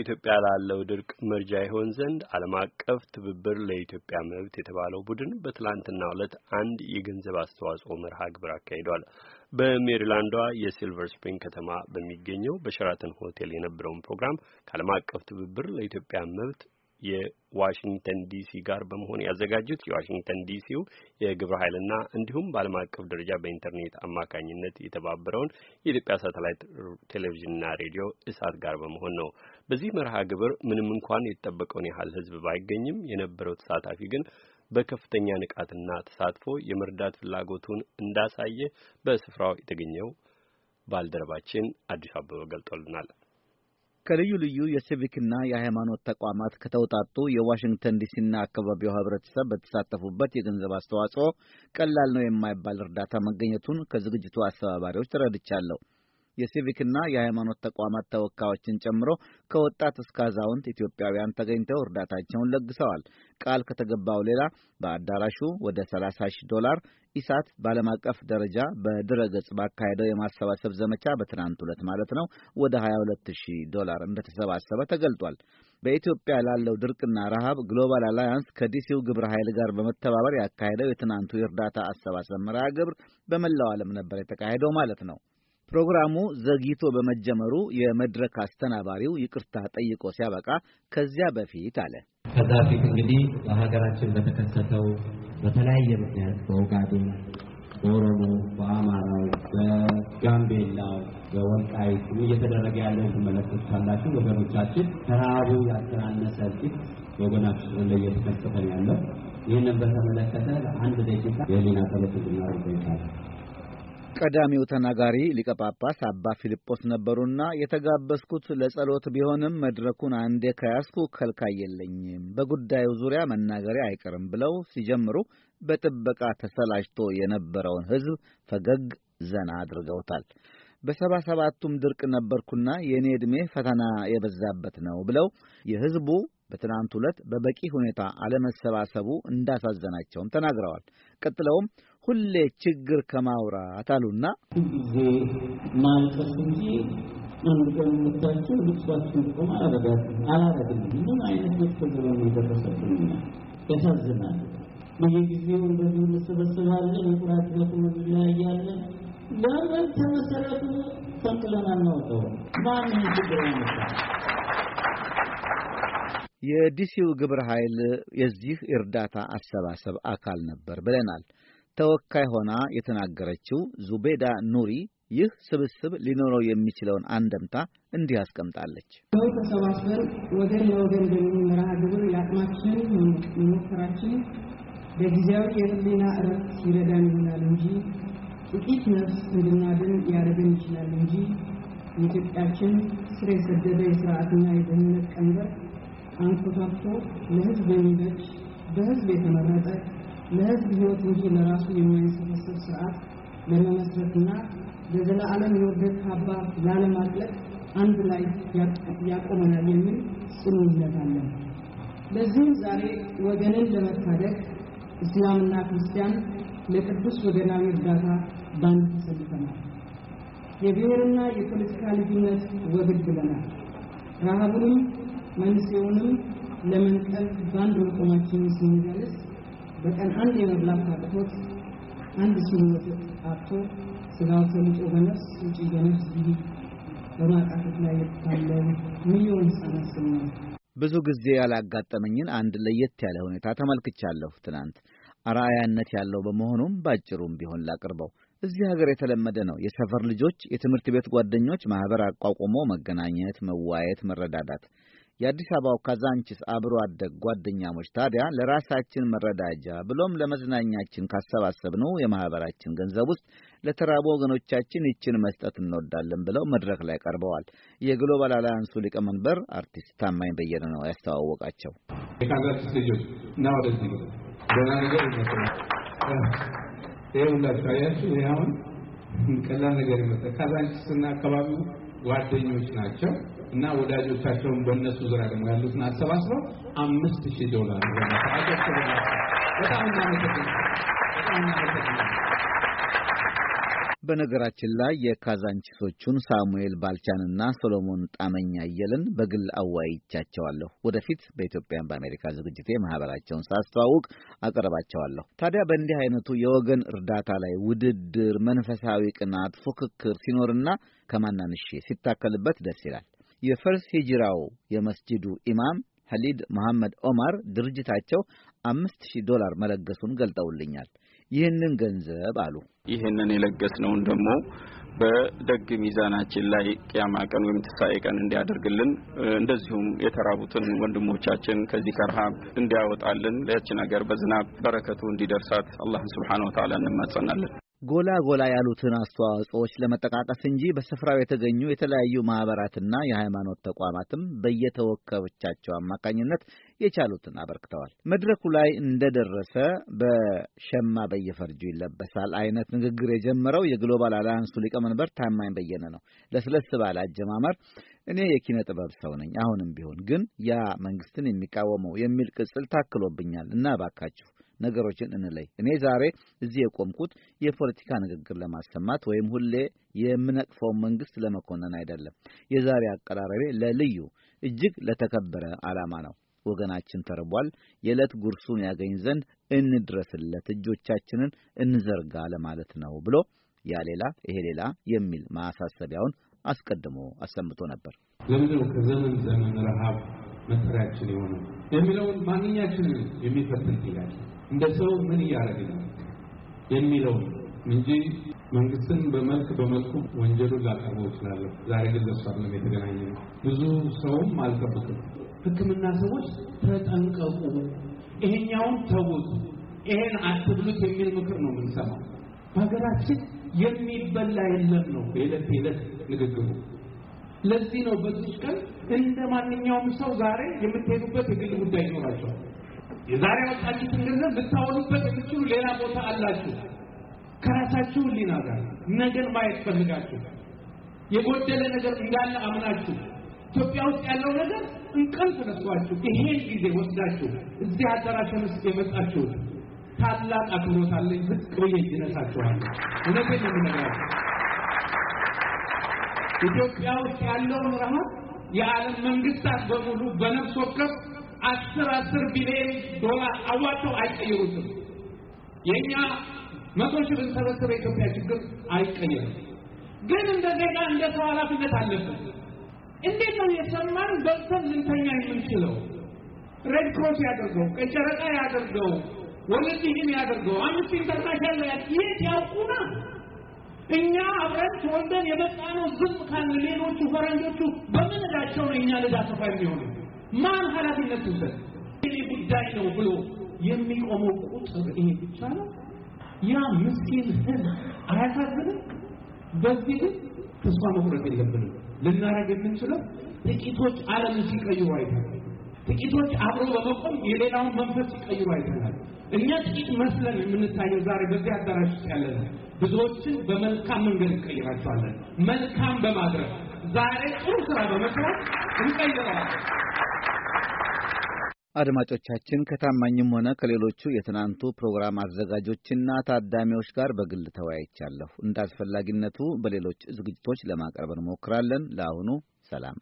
በኢትዮጵያ ላለው ድርቅ መርጃ ይሆን ዘንድ ዓለም አቀፍ ትብብር ለኢትዮጵያ መብት የተባለው ቡድን በትላንትናው ዕለት አንድ የገንዘብ አስተዋጽኦ መርሃ ግብር አካሂዷል። በሜሪላንዷ የሲልቨር ስፕሪንግ ከተማ በሚገኘው በሸራተን ሆቴል የነበረውን ፕሮግራም ከዓለም አቀፍ ትብብር ለኢትዮጵያ መብት የዋሽንግተን ዲሲ ጋር በመሆን ያዘጋጁት የዋሽንግተን ዲሲው የግብረ ኃይልና እንዲሁም በዓለም አቀፍ ደረጃ በኢንተርኔት አማካኝነት የተባበረውን የኢትዮጵያ ሳተላይት ቴሌቪዥንና ሬዲዮ እሳት ጋር በመሆን ነው። በዚህ መርሃ ግብር ምንም እንኳን የተጠበቀውን ያህል ህዝብ ባይገኝም የነበረው ተሳታፊ ግን በከፍተኛ ንቃትና ተሳትፎ የመርዳት ፍላጎቱን እንዳሳየ በስፍራው የተገኘው ባልደረባችን አዲስ አበባ ገልጦልናል። ከልዩ ልዩ የሲቪክና የሃይማኖት ተቋማት ከተውጣጡ የዋሽንግተን ዲሲና አካባቢው ህብረተሰብ በተሳተፉበት የገንዘብ አስተዋጽኦ ቀላል ነው የማይባል እርዳታ መገኘቱን ከዝግጅቱ አስተባባሪዎች ተረድቻለሁ። የሲቪክና የሃይማኖት ተቋማት ተወካዮችን ጨምሮ ከወጣት እስከ አዛውንት ኢትዮጵያውያን ተገኝተው እርዳታቸውን ለግሰዋል። ቃል ከተገባው ሌላ በአዳራሹ ወደ 30 ሺህ ዶላር ኢሳት በዓለም አቀፍ ደረጃ በድረገጽ ባካሄደው የማሰባሰብ ዘመቻ በትናንት ሁለት ማለት ነው ወደ 22 ሺህ ዶላር እንደተሰባሰበ ተገልጧል። በኢትዮጵያ ላለው ድርቅና ረሃብ ግሎባል አላያንስ ከዲሲው ግብረ ኃይል ጋር በመተባበር ያካሄደው የትናንቱ የእርዳታ አሰባሰብ መርሃ ግብር በመላው ዓለም ነበር የተካሄደው ማለት ነው። ፕሮግራሙ ዘግይቶ በመጀመሩ የመድረክ አስተናባሪው ይቅርታ ጠይቆ ሲያበቃ ከዚያ በፊት አለ። ከዛ ፊት እንግዲህ በሀገራችን በተከሰተው በተለያየ ምክንያት በኦጋዴን፣ በኦሮሞ፣ በአማራው፣ በጋምቤላው፣ በወልቃይቱ እየተደረገ ያለውን ትመለከቱ ካላችሁ ወገኖቻችን ከረሃቡ ያተናነሰ እልቂት ወገናችን ላይ እየተከሰተ ያለው ይህንን በተመለከተ አንድ ደቂቃ የሊና ጸሎት እንድናደርግ ይታል ቀዳሚው ተናጋሪ ሊቀ ጳጳስ አባ ፊልጶስ ነበሩና የተጋበዝኩት ለጸሎት ቢሆንም መድረኩን አንዴ ከያዝኩ ከልካይ የለኝም፣ በጉዳዩ ዙሪያ መናገሪያ አይቀርም ብለው ሲጀምሩ በጥበቃ ተሰላጅቶ የነበረውን ሕዝብ ፈገግ ዘና አድርገውታል። በሰባ ሰባቱም ድርቅ ነበርኩና የእኔ ዕድሜ ፈተና የበዛበት ነው ብለው የሕዝቡ በትናንት ዕለት በበቂ ሁኔታ አለመሰባሰቡ እንዳሳዘናቸውም ተናግረዋል። ቀጥለውም ሁሌ ችግር ከማውራት አሉና ጊዜ ማልቀስ እንጂ መመገብ ልብሳችን ልብሷችን ቆም አላረጋት አላረግም። ምንም አይነት መጥፎ ዘመን የደረሰብን ያሳዝናል። በየጊዜው እንደዚህ እንሰበስባለን፣ የቁራት ቤቱ እንለያያለን። ለምን ተመሰረቱ ፈንቅለን አናወጣው? ማንም ችግር ያመጣል? የዲሲው ግብረ ኃይል የዚህ እርዳታ አሰባሰብ አካል ነበር ብለናል። ተወካይ ሆና የተናገረችው ዙቤዳ ኑሪ ይህ ስብስብ ሊኖረው የሚችለውን አንደምታ እንዲህ አስቀምጣለች። ሰው ተሰባስበን ወገን ለወገን በሚል መርሃ ግብር የአቅማችንን መሞከራችን በጊዜያዊ የህሊና እረፍት ይረዳን ይሆናል እንጂ ጥቂት ነፍስ እንድናድን ያደረገን ይችላል እንጂ የኢትዮጵያችን ስር የሰደደ የስርዓትና የደህንነት ቀንበር አንኮታፍቶ ለህዝብ የሚበጅ በህዝብ የተመረጠ ለህዝብ ህይወት እንጂ ለራሱ የማይሰበሰብ ስርዓት ለመመስረትና ለዘላለም የወደት ካባ ላለማጥለቅ አንድ ላይ ያቆመናል የሚል ጽኑ እምነት አለን። ለዚህም ዛሬ ወገንን ለመታደግ እስላምና ክርስቲያን ለቅዱስ ወገናዊ እርዳታ ባንድ ተሰልፈናል። የብሔርና የፖለቲካ ልዩነት ወግድ ብለናል። ረሃቡንም መንስኤውንም ለመንቀል ባንድ መቆማችንን ስንገልጽ በቀን አንድ የመብላት አቅቶት አንድ ሲሆን ስንወት አጥቶ ስጋው ተልጦ በነፍስ ውጪ በነፍስ ይህ በማጣፈት ላይ ያለ ሚሊዮን ህጻናት ስም ነው። ብዙ ጊዜ ያላጋጠመኝን አንድ ለየት ያለ ሁኔታ ተመልክቻለሁ ትናንት። አርአያነት ያለው በመሆኑም ባጭሩም ቢሆን ላቅርበው። እዚህ ሀገር የተለመደ ነው። የሰፈር ልጆች የትምህርት ቤት ጓደኞች ማህበር አቋቁሞ መገናኘት፣ መዋየት፣ መረዳዳት የአዲስ አበባው ካዛንችስ አብሮ አደግ ጓደኛሞች ታዲያ ለራሳችን መረዳጃ ብሎም ለመዝናኛችን ካሰባሰብነው የማህበራችን ገንዘብ ውስጥ ለተራቡ ወገኖቻችን ይችን መስጠት እንወዳለን ብለው መድረክ ላይ ቀርበዋል። የግሎባል አላያንሱ ሊቀመንበር አርቲስት ታማኝ በየነ ነው ያስተዋወቃቸው። ይህ ሁላችሁ አያችሁ፣ ይህ አሁን ቀላል ነገር ይመስላል። ካዛንችስ እና አካባቢው ጓደኞች ናቸው እና ወዳጆቻቸውን በእነሱ ዙሪያ ደግሞ ያሉትን አሰባስበው አምስት ሺህ ዶላር በጣም እናመሰግናለን። በነገራችን ላይ የካዛንቺሶቹን ሳሙኤል ባልቻንና ሶሎሞን ጣመኛ አየልን በግል አዋይቻቸዋለሁ። ወደፊት በኢትዮጵያን በአሜሪካ ዝግጅቴ ማህበራቸውን ሳስተዋውቅ አቀርባቸዋለሁ። ታዲያ በእንዲህ አይነቱ የወገን እርዳታ ላይ ውድድር፣ መንፈሳዊ ቅናት፣ ፉክክር ሲኖርና ከማናንሼ ሲታከልበት ደስ ይላል። የፈርስ ሂጅራው የመስጂዱ ኢማም ሐሊድ መሐመድ ኦማር ድርጅታቸው አምስት ሺህ ዶላር መለገሱን ገልጠውልኛል። ይህንን ገንዘብ አሉ ይህንን የለገስነውን ደግሞ በደግ ሚዛናችን ላይ ቅያማ ቀን ወይም ትሳኤ ቀን እንዲያደርግልን እንደዚሁም የተራቡትን ወንድሞቻችን ከዚህ ከረሃብ እንዲያወጣልን ለያችን ሀገር በዝናብ በረከቱ እንዲደርሳት አላህን ስብሓን ወተዓላ እንማጸናለን። ጎላ ጎላ ያሉትን አስተዋጽኦዎች ለመጠቃቀስ እንጂ በስፍራው የተገኙ የተለያዩ ማኅበራትና የሃይማኖት ተቋማትም በየተወካዮቻቸው አማካኝነት የቻሉትን አበርክተዋል። መድረኩ ላይ እንደደረሰ በሸማ በየፈርጁ ይለበሳል አይነት ንግግር የጀመረው የግሎባል አላያንሱ ሊቀመንበር ታማኝ በየነ ነው። ለስለስ ባለ አጀማመር እኔ የኪነ ጥበብ ሰው ነኝ፣ አሁንም ቢሆን ግን ያ መንግስትን የሚቃወመው የሚል ቅጽል ታክሎብኛል እና እባካችሁ ነገሮችን እንለይ። እኔ ዛሬ እዚህ የቆምኩት የፖለቲካ ንግግር ለማሰማት ወይም ሁሌ የምነቅፈው መንግስት ለመኮነን አይደለም። የዛሬ አቀራረቤ ለልዩ እጅግ ለተከበረ ዓላማ ነው። ወገናችን ተርቧል። የዕለት ጉርሱን ያገኝ ዘንድ እንድረስለት፣ እጆቻችንን እንዘርጋ ለማለት ነው ብሎ ያ ሌላ ይሄ ሌላ የሚል ማሳሰቢያውን አስቀድሞ አሰምቶ ነበር። ለምንድነው ከዘመን ዘመን ረሃብ መጠሪያችን የሆነ የሚለውን ማንኛችንን የሚፈትን ጥያቄ እንደ ሰው ምን እያደረግ ነው የሚለው እንጂ መንግስትን በመልክ በመልኩ ወንጀሉን ላቀርበው እችላለሁ። ዛሬ ግን ለሱ ዓለም የተገናኘ ነው። ብዙ ሰውም አልጠብቅም። ሕክምና ሰዎች ተጠንቀቁ፣ ይሄኛውን ተውት፣ ይሄን አትብሉት የሚል ምክር ነው የምንሰማው። በሀገራችን የሚበላ የለም ነው የዕለት የዕለት ንግግሩ። ለዚህ ነው በዚች ቀን እንደ ማንኛውም ሰው ዛሬ የምትሄዱበት የግል ጉዳይ ይኖራቸዋል። የዛሬ ያወጣችሁትን ገንዘብ ልታወሉበት የምትችሉ ሌላ ቦታ አላችሁ። ከራሳችሁ ሕሊና ጋር ነገን ማየት ፈልጋችሁ የጎደለ ነገር እንዳለ አምናችሁ ኢትዮጵያ ውስጥ ያለው ነገር እንቅልፍ ነስቷችሁ ይሄን ጊዜ ወስዳችሁ እዚህ አዳራሽን ውስጥ የመጣችሁ ታላቅ አክብሮት አለኝ። ዝቅ ብዬ ይነሳችኋለሁ። እውነቴን ነው የምነግራችሁ። ኢትዮጵያ ውስጥ ያለውን ረሃብ የዓለም መንግስታት በሙሉ በነፍስ ወከፍ አስር አስር ቢሊዮን ዶላር አዋጥተው አይቀይሩትም። የእኛ መቶ ሺህ ብንሰበስብ የኢትዮጵያ ችግር አይቀየርም። ግን እንደ ዜጋ እንደ ሰው ኃላፊነት አለብን። እንዴት ነው የሰማን በልተን ልንተኛ የምንችለው? ሬድ ክሮስ ያደርገው፣ ቀይ ጨረቃ ያደርገው፣ ወለድህን ያደርገው፣ አምነስቲ ኢንተርናሽናል የት ያውቁና እኛ አብረን ተወልደን የመጣነው ዝም ካልን ሌሎቹ ፈረንጆቹ በምን ዕዳቸው ነው እኛ ልዳ ሰፋ የሚሆነው? ማን ኃላፊነት ይውሰድ? ይህ ጉዳይ ነው ብሎ የሚቆመው ቁጥር ይሄ ብቻ ነው። ያ ምስኪን ህዝብ አያሳዝንም? በዚህ ግን ተስፋ መቁረጥ የለብንም። ልናረግ የምንችለው ጥቂቶች ዓለም ሲቀይሩ አይተናል። ጥቂቶች አብሮ በመቆም የሌላውን መንፈስ ሲቀይሩ አይተናል። እኛ ጥቂት መስለን የምንታየው ዛሬ በዚህ አዳራሽ ውስጥ ያለናል። ብዙዎችን በመልካም መንገድ እንቀይራቸዋለን። መልካም በማድረግ ዛሬ ጥሩ ስራ በመስራት እንቀይረዋለን። አድማጮቻችን ከታማኝም ሆነ ከሌሎቹ የትናንቱ ፕሮግራም አዘጋጆችና ታዳሚዎች ጋር በግል ተወያይቻለሁ። እንደ አስፈላጊነቱ በሌሎች ዝግጅቶች ለማቅረብ እንሞክራለን። ለአሁኑ ሰላም።